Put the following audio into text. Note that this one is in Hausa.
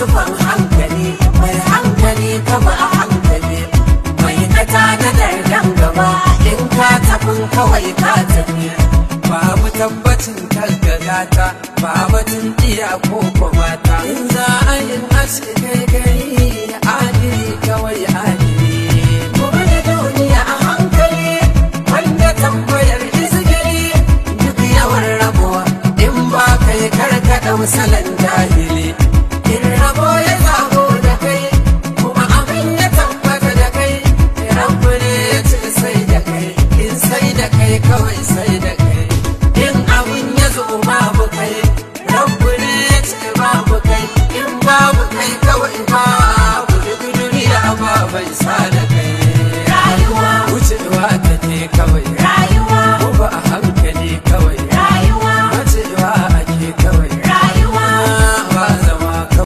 zufan hankali mai hankali gaba a hankali mai ka tanadar nan gaba in ka tafin kawai ka tafi babu tabbacin kaggagata babu tun iya ko kumata za a yi aski kai gari adili kawai adili kuma da duniya a hankali wanda tambayar izgiri duk yawan rabuwa in ba kai karkaɗa musalan jahili da kai kawai sai da kai